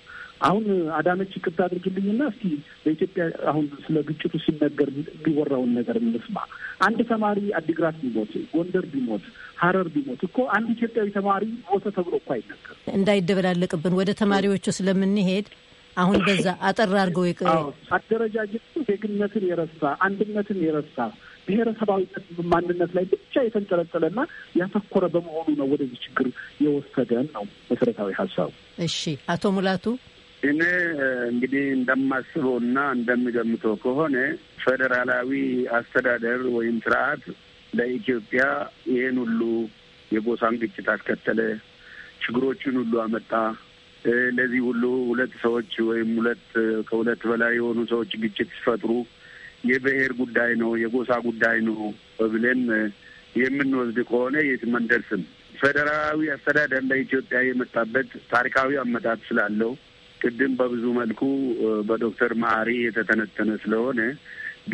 [SPEAKER 6] አሁን አዳመች ይቅርታ አድርግልኝና እስቲ በኢትዮጵያ አሁን ስለ ግጭቱ ሲነገር የሚወራውን ነገር እንስማ። አንድ ተማሪ አዲግራት ቢሞት፣ ጎንደር ቢሞት፣ ሀረር ቢሞት እኮ አንድ ኢትዮጵያዊ
[SPEAKER 4] ተማሪ ሞተ ተብሎ እኮ አይነገርም። እንዳይደበላለቅብን ወደ ተማሪዎቹ ስለምንሄድ አሁን በዛ አጠር አድርገው የቀ
[SPEAKER 6] አደረጃጀቱ ዜግነትን የረሳ አንድነትን የረሳ ብሔረሰባዊ ማንነት ላይ ብቻ የተንጠለጠለና ያተኮረ በመሆኑ ነው ወደዚህ
[SPEAKER 4] ችግር የወሰደን ነው መሰረታዊ ሀሳቡ። እሺ አቶ ሙላቱ፣
[SPEAKER 5] እኔ እንግዲህ እንደማስበው እና እንደሚገምተው ከሆነ ፌዴራላዊ አስተዳደር ወይም ስርዓት ለኢትዮጵያ ይህን ሁሉ የጎሳን ግጭት አስከተለ፣ ችግሮችን ሁሉ አመጣ ለዚህ ሁሉ ሁለት ሰዎች ወይም ሁለት ከሁለት በላይ የሆኑ ሰዎች ግጭት ሲፈጥሩ የብሔር ጉዳይ ነው፣ የጎሳ ጉዳይ ነው ብለን የምንወስድ ከሆነ የት መንደርስም ፌዴራላዊ አስተዳደር ለኢትዮጵያ የመጣበት ታሪካዊ አመጣት ስላለው ቅድም በብዙ መልኩ በዶክተር መሀሪ የተተነተነ ስለሆነ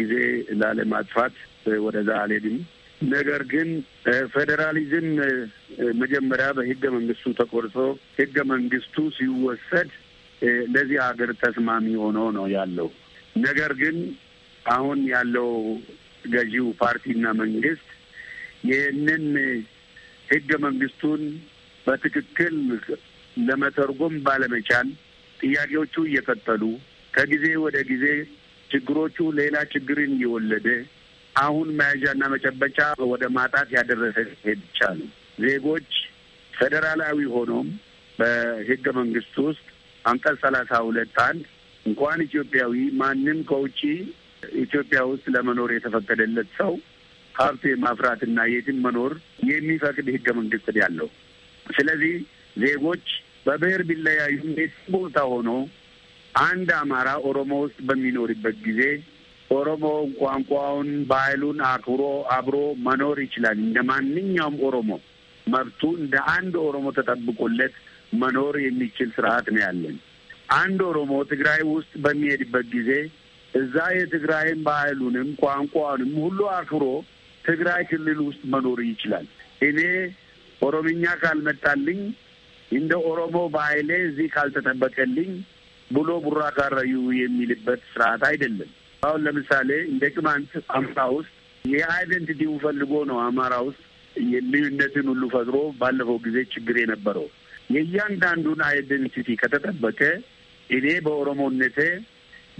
[SPEAKER 5] ጊዜ ላለማጥፋት ወደዛ አልሄድም። ነገር ግን ፌዴራሊዝም መጀመሪያ በህገ መንግስቱ ተቆርጾ ህገ መንግስቱ ሲወሰድ ለዚህ ሀገር ተስማሚ ሆኖ ነው ያለው። ነገር ግን አሁን ያለው ገዢው ፓርቲና መንግስት ይህንን ህገ መንግስቱን በትክክል ለመተርጎም ባለመቻል ጥያቄዎቹ እየቀጠሉ ከጊዜ ወደ ጊዜ ችግሮቹ ሌላ ችግርን እየወለደ አሁን መያዣና መጨበጫ ወደ ማጣት ያደረሰ ብቻ ነው። ዜጎች ፌዴራላዊ ሆኖም በህገ መንግስት ውስጥ አንቀጽ ሰላሳ ሁለት አንድ እንኳን ኢትዮጵያዊ ማንም ከውጪ ኢትዮጵያ ውስጥ ለመኖር የተፈቀደለት ሰው ሀብት ማፍራትና የትም መኖር የሚፈቅድ ህገ መንግስት ያለው። ስለዚህ ዜጎች በብሔር ቢለያዩም ቤት ቦታ ሆኖ አንድ አማራ ኦሮሞ ውስጥ በሚኖርበት ጊዜ ኦሮሞውን ቋንቋውን፣ ባህሉን አክብሮ አብሮ መኖር ይችላል። እንደ ማንኛውም ኦሮሞ መብቱ እንደ አንድ ኦሮሞ ተጠብቆለት መኖር የሚችል ስርዓት ነው ያለን። አንድ ኦሮሞ ትግራይ ውስጥ በሚሄድበት ጊዜ እዛ የትግራይን ባህሉንም ቋንቋውንም ሁሉ አክብሮ ትግራይ ክልል ውስጥ መኖር ይችላል። እኔ ኦሮምኛ ካልመጣልኝ እንደ ኦሮሞ ባህሌ እዚህ ካልተጠበቀልኝ ብሎ ቡራ ካረዩ የሚልበት ስርዓት አይደለም። አሁን ለምሳሌ እንደ ቅማንት አማራ ውስጥ የአይደንቲቲው ፈልጎ ነው አማራ ውስጥ ልዩነትን ሁሉ ፈጥሮ ባለፈው ጊዜ ችግር የነበረው የእያንዳንዱን አይደንቲቲ ከተጠበቀ እኔ በኦሮሞነቴ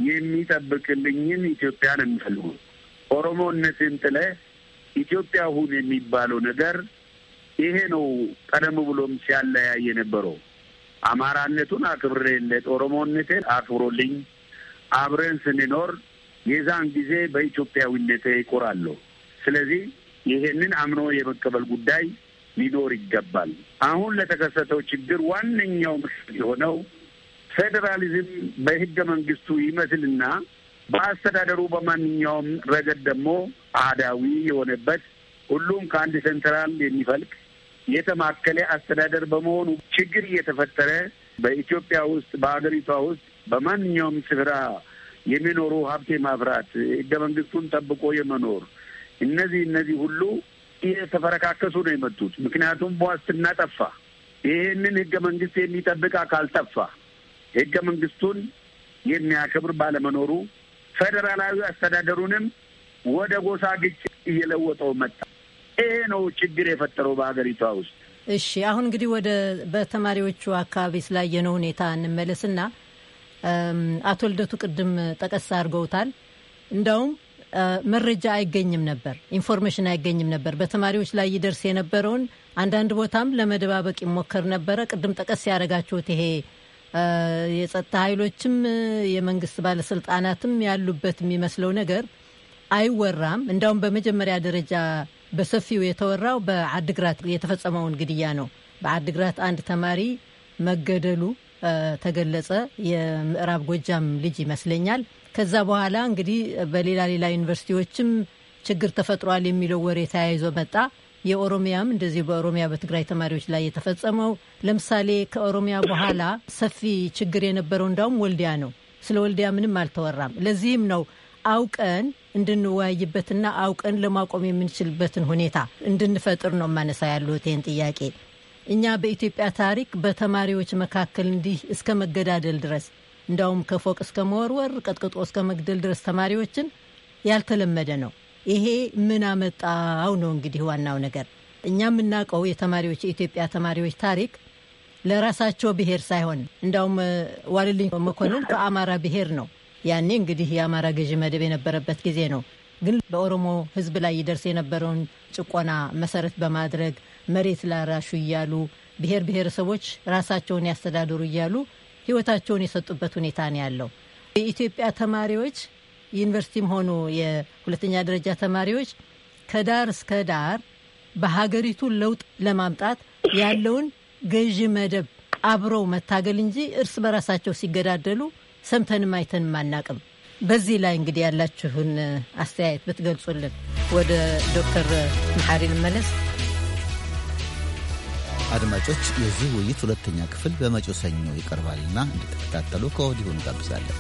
[SPEAKER 5] የሚጠብቅልኝን ኢትዮጵያን የሚፈልጉ ኦሮሞነትን ጥለ ኢትዮጵያ ሁን የሚባለው ነገር ይሄ ነው። ቀደም ብሎም ሲያለያይ የነበረው አማራነቱን አክብሬለት ኦሮሞነቴን አክብሮልኝ አብረን ስንኖር የዛን ጊዜ በኢትዮጵያዊነት ይቆራሉ። ስለዚህ ይሄንን አምኖ የመቀበል ጉዳይ ሊኖር ይገባል። አሁን ለተከሰተው ችግር ዋነኛው ምክንያት የሆነው ፌዴራሊዝም በህገ መንግስቱ ይመስልና በአስተዳደሩ በማንኛውም ረገድ ደግሞ አህዳዊ የሆነበት ሁሉም ከአንድ ሴንትራል የሚፈልቅ የተማከለ አስተዳደር በመሆኑ ችግር እየተፈጠረ በኢትዮጵያ ውስጥ በሀገሪቷ ውስጥ በማንኛውም ስፍራ የሚኖሩ ሀብት ማፍራት፣ ህገ መንግስቱን ጠብቆ የመኖር እነዚህ እነዚህ ሁሉ እየተፈረካከሱ ነው የመጡት። ምክንያቱም በዋስትና ጠፋ። ይህንን ህገ መንግስት የሚጠብቅ አካል ጠፋ። ህገ መንግስቱን የሚያከብር ባለመኖሩ ፌዴራላዊ አስተዳደሩንም ወደ ጎሳ ግጭት እየለወጠው መጣ። ይሄ ነው ችግር የፈጠረው በሀገሪቷ ውስጥ።
[SPEAKER 4] እሺ አሁን እንግዲህ ወደ በተማሪዎቹ አካባቢ ስላየነው ሁኔታ እንመለስና አቶ ልደቱ ቅድም ጠቀስ አድርገውታል። እንደውም መረጃ አይገኝም ነበር፣ ኢንፎርሜሽን አይገኝም ነበር። በተማሪዎች ላይ ይደርስ የነበረውን አንዳንድ ቦታም ለመደባበቅ ይሞከር ነበረ። ቅድም ጠቀስ ያደረጋችሁት ይሄ የጸጥታ ኃይሎችም የመንግስት ባለስልጣናትም ያሉበት የሚመስለው ነገር አይወራም። እንዳውም በመጀመሪያ ደረጃ በሰፊው የተወራው በአድግራት የተፈጸመውን ግድያ ነው። በአድግራት አንድ ተማሪ መገደሉ ተገለጸ። የምዕራብ ጎጃም ልጅ ይመስለኛል። ከዛ በኋላ እንግዲህ በሌላ ሌላ ዩኒቨርሲቲዎችም ችግር ተፈጥሯል የሚለው ወሬ ተያይዞ መጣ። የኦሮሚያም እንደዚሁ በኦሮሚያ በትግራይ ተማሪዎች ላይ የተፈጸመው ለምሳሌ ከኦሮሚያ በኋላ ሰፊ ችግር የነበረው እንዳውም ወልዲያ ነው። ስለ ወልዲያ ምንም አልተወራም። ለዚህም ነው አውቀን እንድንወያይበትና አውቀን ለማቆም የምንችልበትን ሁኔታ እንድንፈጥር ነው ማነሳ ያሉት ይህን ጥያቄ እኛ በኢትዮጵያ ታሪክ በተማሪዎች መካከል እንዲህ እስከ መገዳደል ድረስ እንዳውም ከፎቅ እስከ መወርወር ቀጥቅጦ እስከ መግደል ድረስ ተማሪዎችን ያልተለመደ ነው። ይሄ ምን አመጣው ነው እንግዲህ ዋናው ነገር። እኛ የምናውቀው የተማሪዎች የኢትዮጵያ ተማሪዎች ታሪክ ለራሳቸው ብሔር ሳይሆን እንዳውም ዋልልኝ መኮንን ከአማራ ብሔር ነው። ያኔ እንግዲህ የአማራ ገዢ መደብ የነበረበት ጊዜ ነው። ግን በኦሮሞ ሕዝብ ላይ ይደርስ የነበረውን ጭቆና መሰረት በማድረግ መሬት ላራሹ እያሉ ብሔር ብሔረሰቦች ራሳቸውን ያስተዳድሩ እያሉ ህይወታቸውን የሰጡበት ሁኔታ ነው ያለው። የኢትዮጵያ ተማሪዎች ዩኒቨርሲቲም ሆኑ የሁለተኛ ደረጃ ተማሪዎች ከዳር እስከ ዳር በሀገሪቱ ለውጥ ለማምጣት ያለውን ገዢ መደብ አብረው መታገል እንጂ እርስ በራሳቸው ሲገዳደሉ ሰምተንም አይተንም አናቅም። በዚህ ላይ እንግዲህ ያላችሁን አስተያየት ብትገልጹልን። ወደ ዶክተር መሐሪ ልመለስ።
[SPEAKER 2] አድማጮች፣ የዚህ ውይይት ሁለተኛ ክፍል በመጪው ሰኞ ይቀርባልና እንድትከታተሉ ከወዲሁ እንጋብዛለን።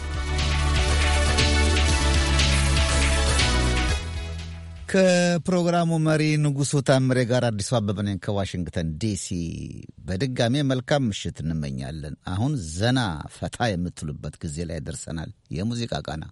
[SPEAKER 2] ከፕሮግራሙ መሪ ንጉሱ ታምሬ ጋር አዲሱ አበበ ነኝ ከዋሽንግተን ዲሲ። በድጋሜ መልካም ምሽት እንመኛለን። አሁን ዘና ፈታ የምትሉበት ጊዜ
[SPEAKER 7] ላይ ደርሰናል። የሙዚቃ ቃና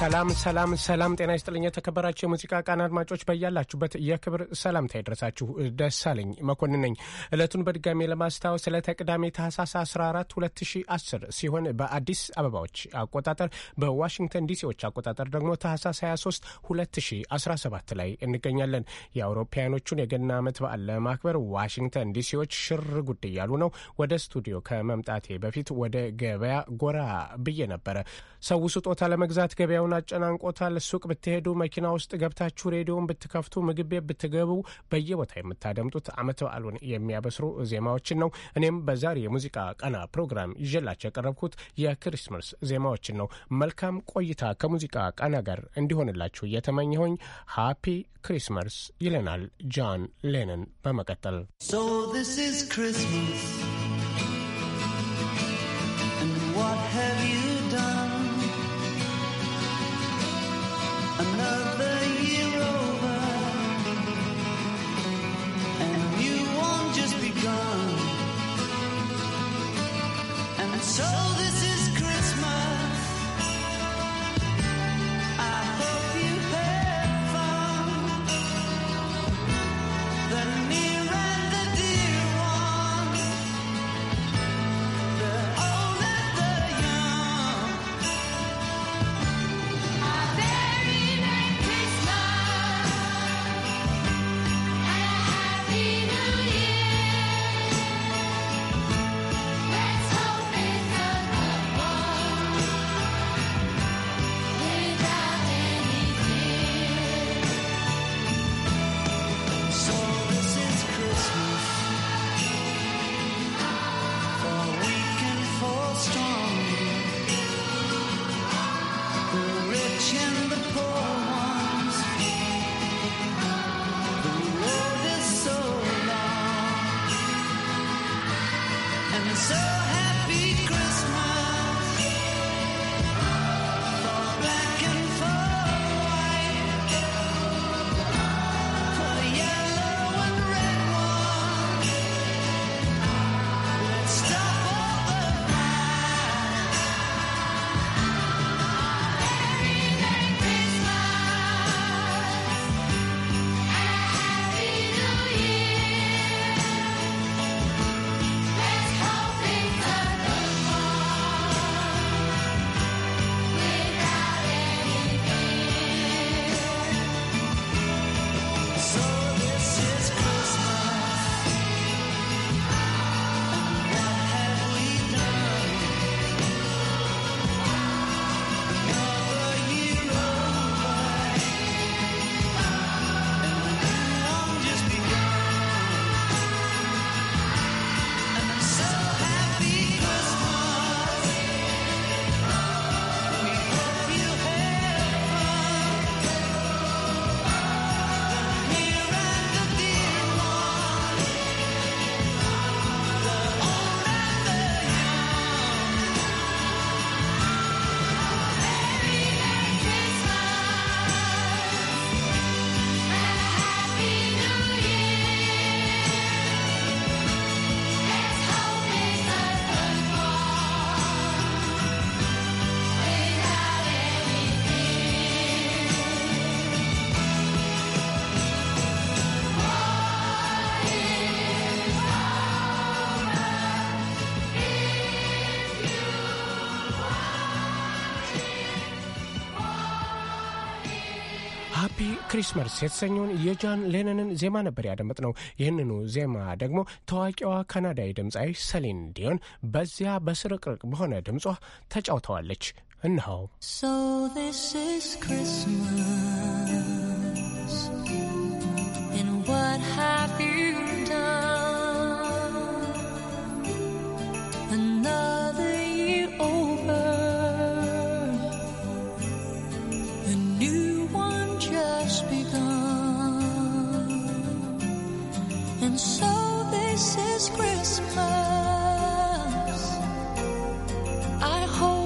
[SPEAKER 7] ሰላም ሰላም ሰላም፣ ጤና ይስጥልኝ የተከበራቸው የሙዚቃ ቃና አድማጮች በያላችሁበት የክብር ሰላምታ ይድረሳችሁ። ደሳለኝ መኮንን ነኝ። እለቱን በድጋሚ ለማስታወስ ዕለተ ቅዳሜ ታህሳስ 14 2010 ሲሆን በአዲስ አበባዎች አቆጣጠር፣ በዋሽንግተን ዲሲዎች አቆጣጠር ደግሞ ታህሳስ 23 2017 ላይ እንገኛለን። የአውሮፓውያኖቹን የገና ዓመት በዓል ለማክበር ዋሽንግተን ዲሲዎች ሽር ጉድ እያሉ ነው። ወደ ስቱዲዮ ከመምጣቴ በፊት ወደ ገበያ ጎራ ብዬ ነበረ። ሰው ስጦታ ለመግዛት ገበያውን ኑሯችሁን አጨናንቆታል። ሱቅ ብትሄዱ፣ መኪና ውስጥ ገብታችሁ ሬዲዮን ብትከፍቱ፣ ምግብ ቤት ብትገቡ በየቦታ የምታደምጡት አመት በዓሉን የሚያበስሩ ዜማዎችን ነው። እኔም በዛሬ የሙዚቃ ቀና ፕሮግራም ይዤላቸው የቀረብኩት የክሪስማስ ዜማዎችን ነው። መልካም ቆይታ ከሙዚቃ ቀና ጋር እንዲሆንላችሁ እየተመኘሆኝ ሃፒ ክሪስማስ ይለናል ጃን ሌነን በመቀጠል
[SPEAKER 1] what have you
[SPEAKER 7] ክሪስመስ የተሰኘውን የጃን ሌነንን ዜማ ነበር ያደመጥ ነው። ይህንኑ ዜማ ደግሞ ታዋቂዋ ካናዳዊ ድምፃዊ ሰሊን ዲዮን በዚያ በስርቅርቅ በሆነ ድምጿ ተጫውተዋለች። እነሆ
[SPEAKER 1] What have you done? Another And so this is Christmas. I hope.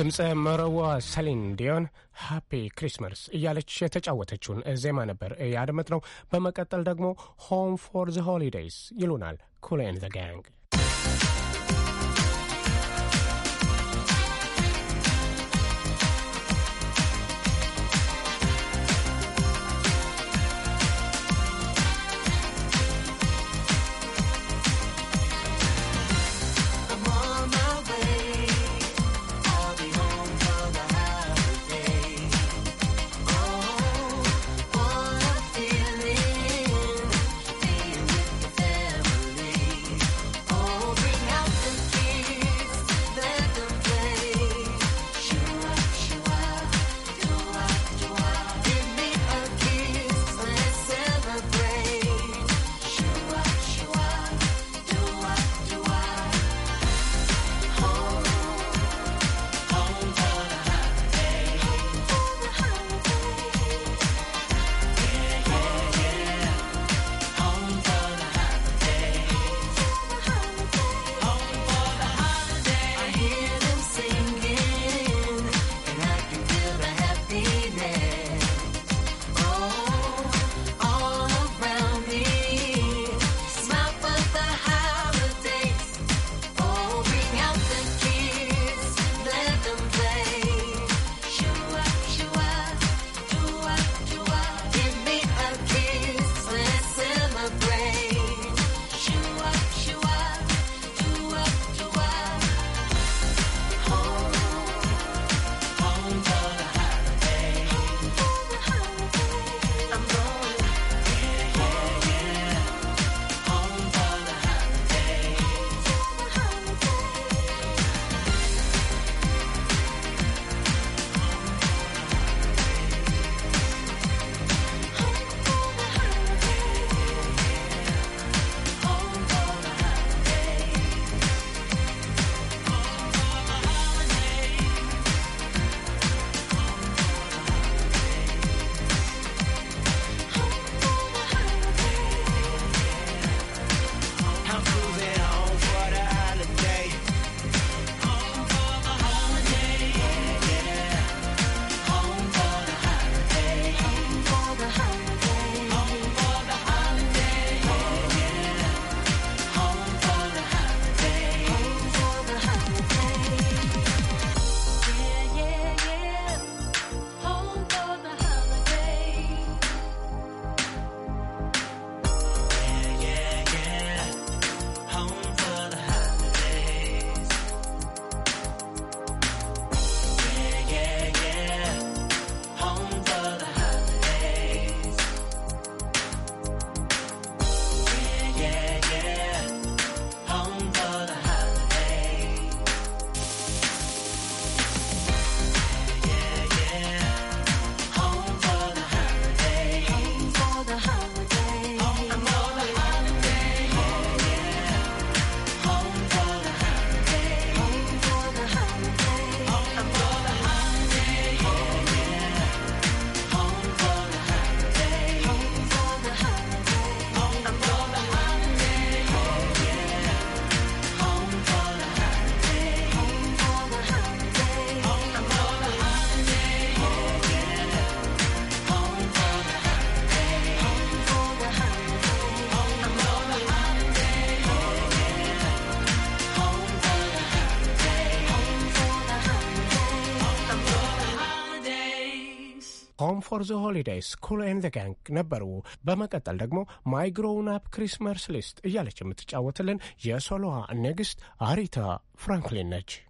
[SPEAKER 7] ድምፀ መረዋ ሰሊን ዲዮን ሃፒ ክሪስመስ እያለች የተጫወተችውን ዜማ ነበር ያድመጥ ነው። በመቀጠል ደግሞ ሆም ፎር ዘ ሆሊዴይስ ይሉናል ኩሌን ዘ ጋንግ ሆም ፎር ዘ ሆሊዴይስ ኩል ኤንድ ዘ ጋንግ ነበሩ። በመቀጠል ደግሞ ማይ ግሮውን አፕ ክሪስመስ ሊስት እያለች የምትጫወትልን የሶሎዋ ንግስት አሪታ ፍራንክሊን ነች።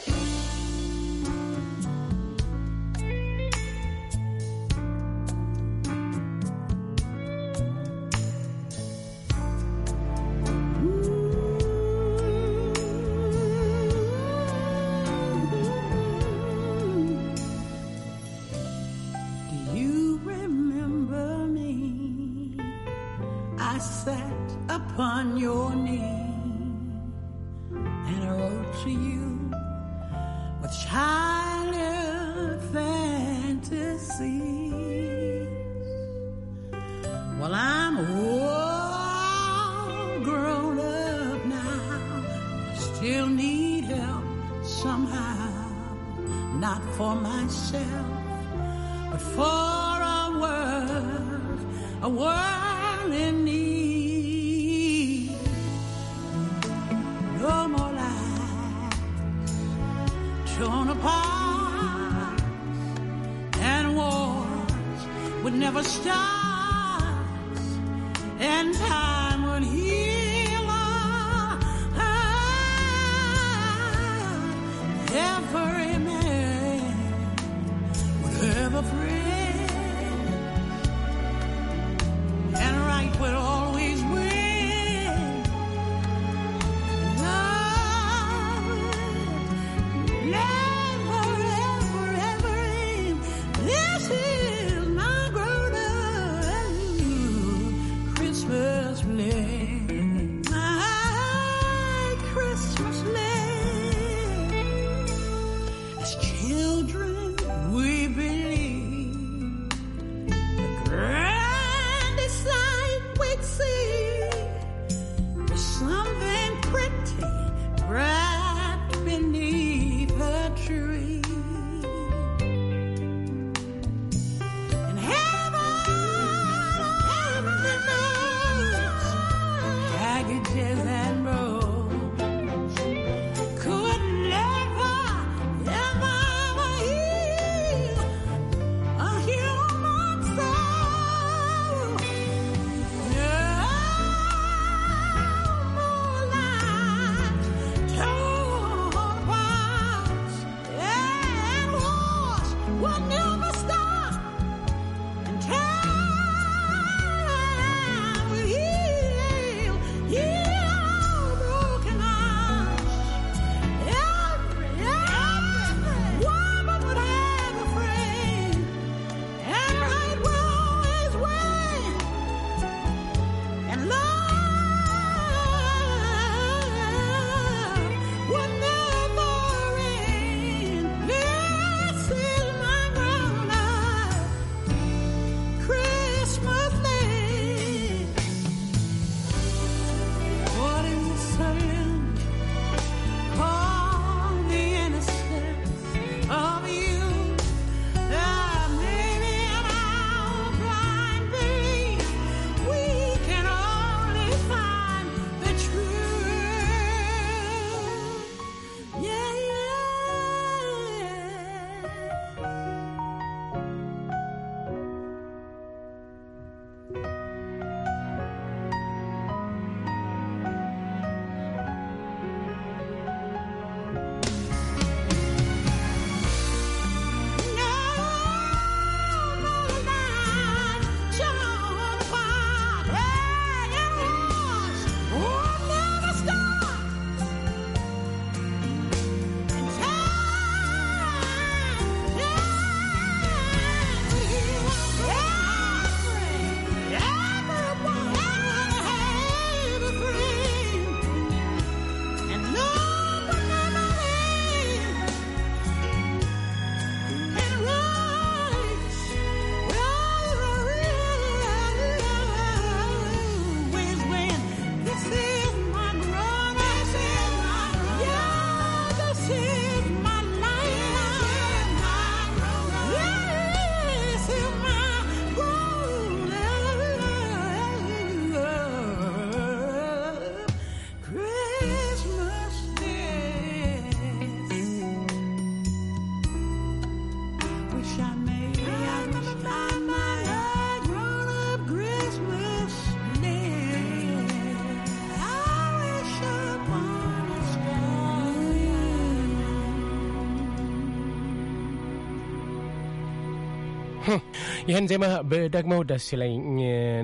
[SPEAKER 7] ይህን ዜማ ብደግመው ደስ ይለኝ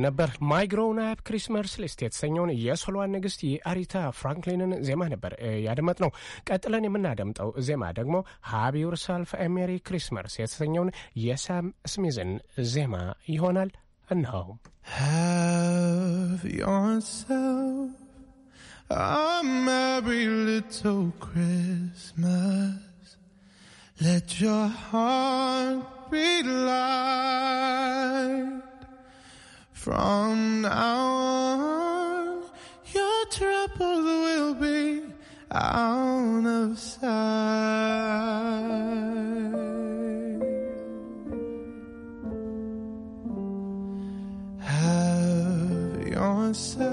[SPEAKER 7] ነበር። ማይ ግሮውን ክሪስመስ ሊስት የተሰኘውን የሶሎዋን ንግስት የአሪታ ፍራንክሊንን ዜማ ነበር ያደመጥ ነው። ቀጥለን የምናደምጠው ዜማ ደግሞ ሃብ ዩርሰልፍ ኤ ሜሪ ክሪስመስ የተሰኘውን የሳም ስሚዝን ዜማ ይሆናል። እነሆ
[SPEAKER 8] ሃቭ ዮርሰልፍ be light. From now on, your troubles will be out of sight. Have yourself.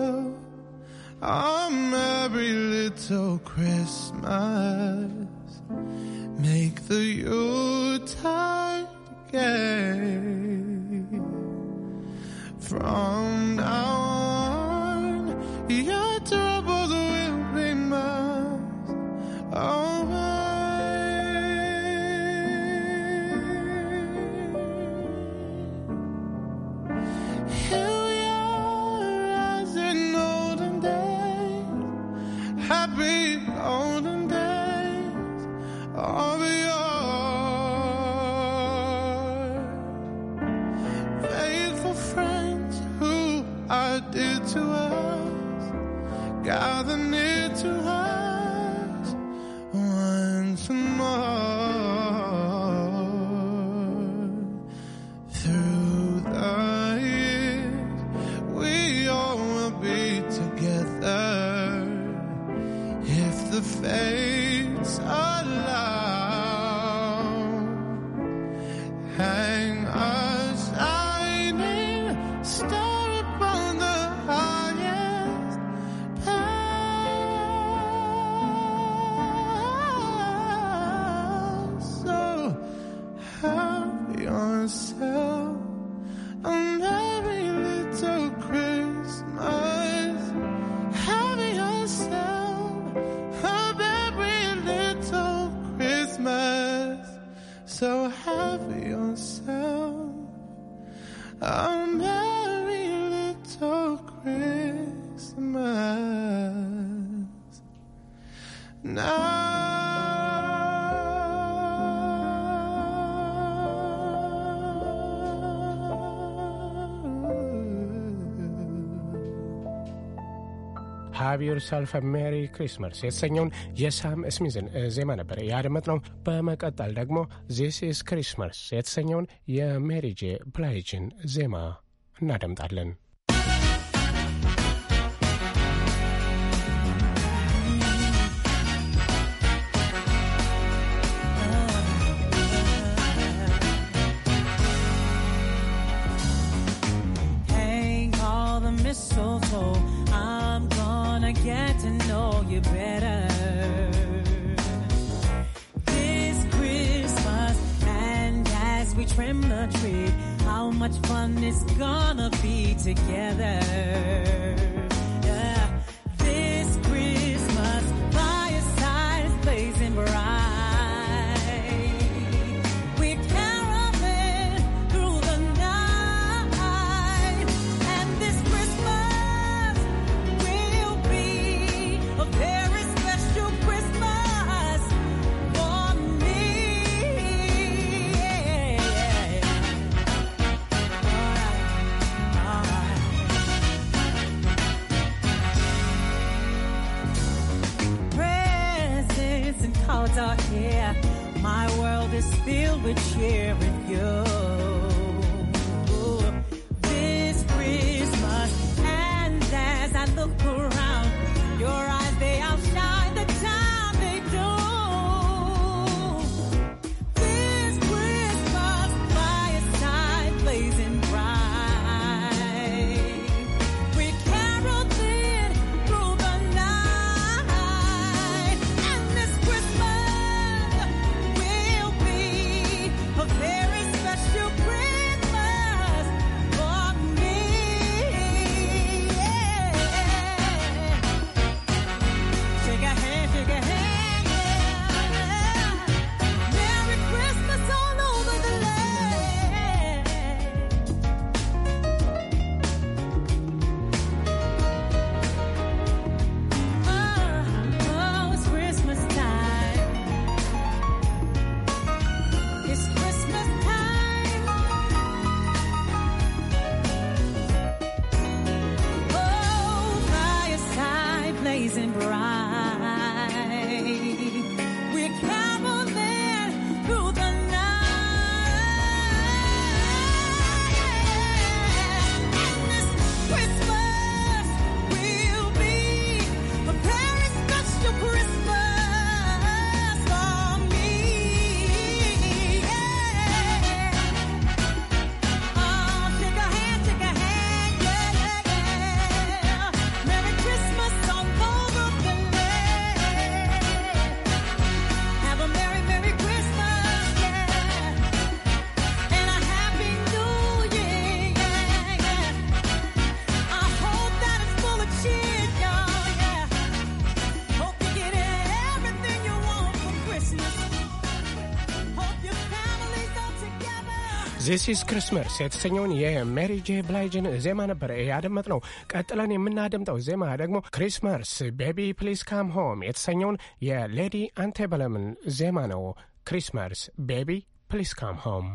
[SPEAKER 7] ዮርሰልፍ ሜሪ ክሪስመስ የተሰኘውን የሳም ስሚዝን uh, ዜማ ነበር ያደመጥነው። በመቀጠል ደግሞ ዚስ ኢዝ ክሪስመስ የተሰኘውን የሜሪጄ ፕላይጅን ዜማ እናደምጣለን።
[SPEAKER 9] it's gonna be together.
[SPEAKER 7] ዚስ ኢዝ የተሰኘውን የሜሪ ጄ ብላይጅን ዜማ ነበረ ነው ቀጥለን የምናደምጠው ዜማ ደግሞ ክሪስመስ ቤቢ ፕሊስ ካም ሆም የተሰኘውን የሌዲ አንቴበለምን ዜማ ነው። ክሪስመስ ቤቢ ፕሊስ ካም ሆም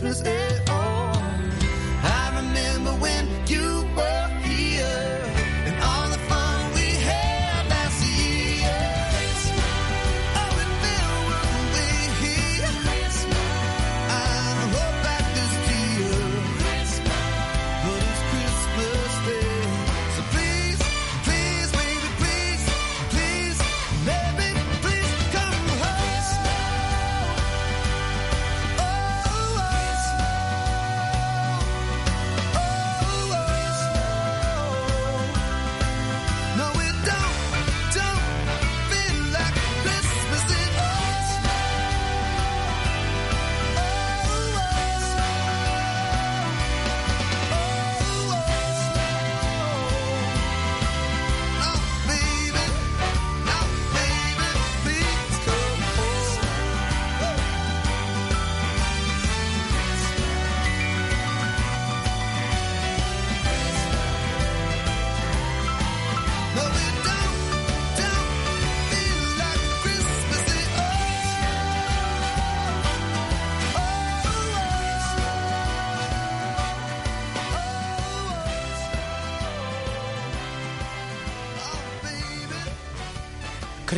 [SPEAKER 1] Christmas Eve.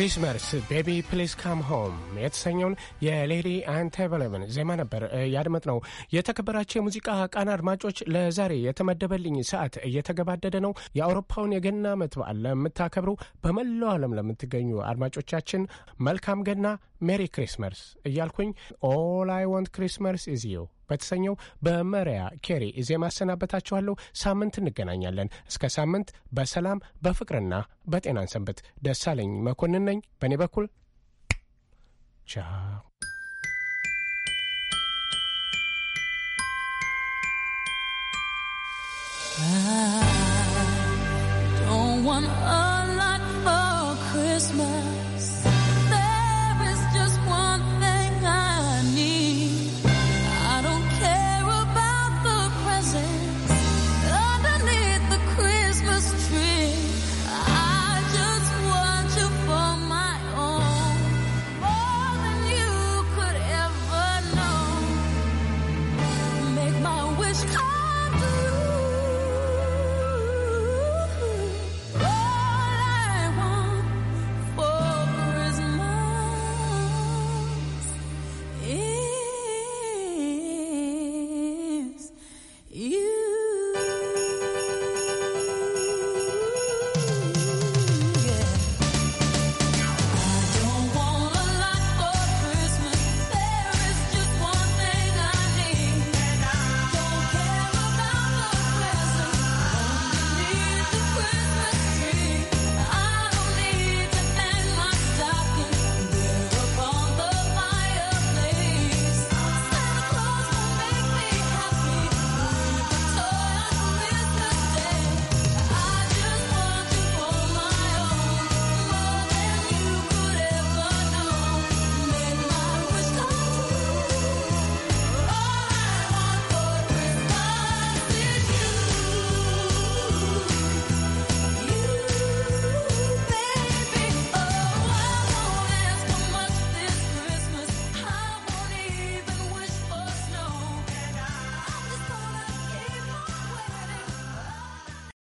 [SPEAKER 7] ክሪስመስ ቤቢ ፕሊስ ካም ሆም የተሰኘውን የሌዲ አንቴበለብን ዜማ ነበር ያድመጥ ነው። የተከበራቸው የሙዚቃ ቃና አድማጮች፣ ለዛሬ የተመደበልኝ ሰዓት እየተገባደደ ነው። የአውሮፓውን የገና ዓመት በዓል ለምታከብሩ በመላው ዓለም ለምትገኙ አድማጮቻችን መልካም ገና ሜሪ ክሪስመርስ እያልኩኝ ኦል አይ ዋንት ክሪስመርስ ኢዝ ዩ በተሰኘው በመሪያ ኬሪ ዜማ አሰናበታችኋለሁ። ሳምንት እንገናኛለን። እስከ ሳምንት በሰላም በፍቅርና በጤናን ሰንብት። ደሳለኝ መኮንን ነኝ። በእኔ በኩል ቻው።
[SPEAKER 9] I don't want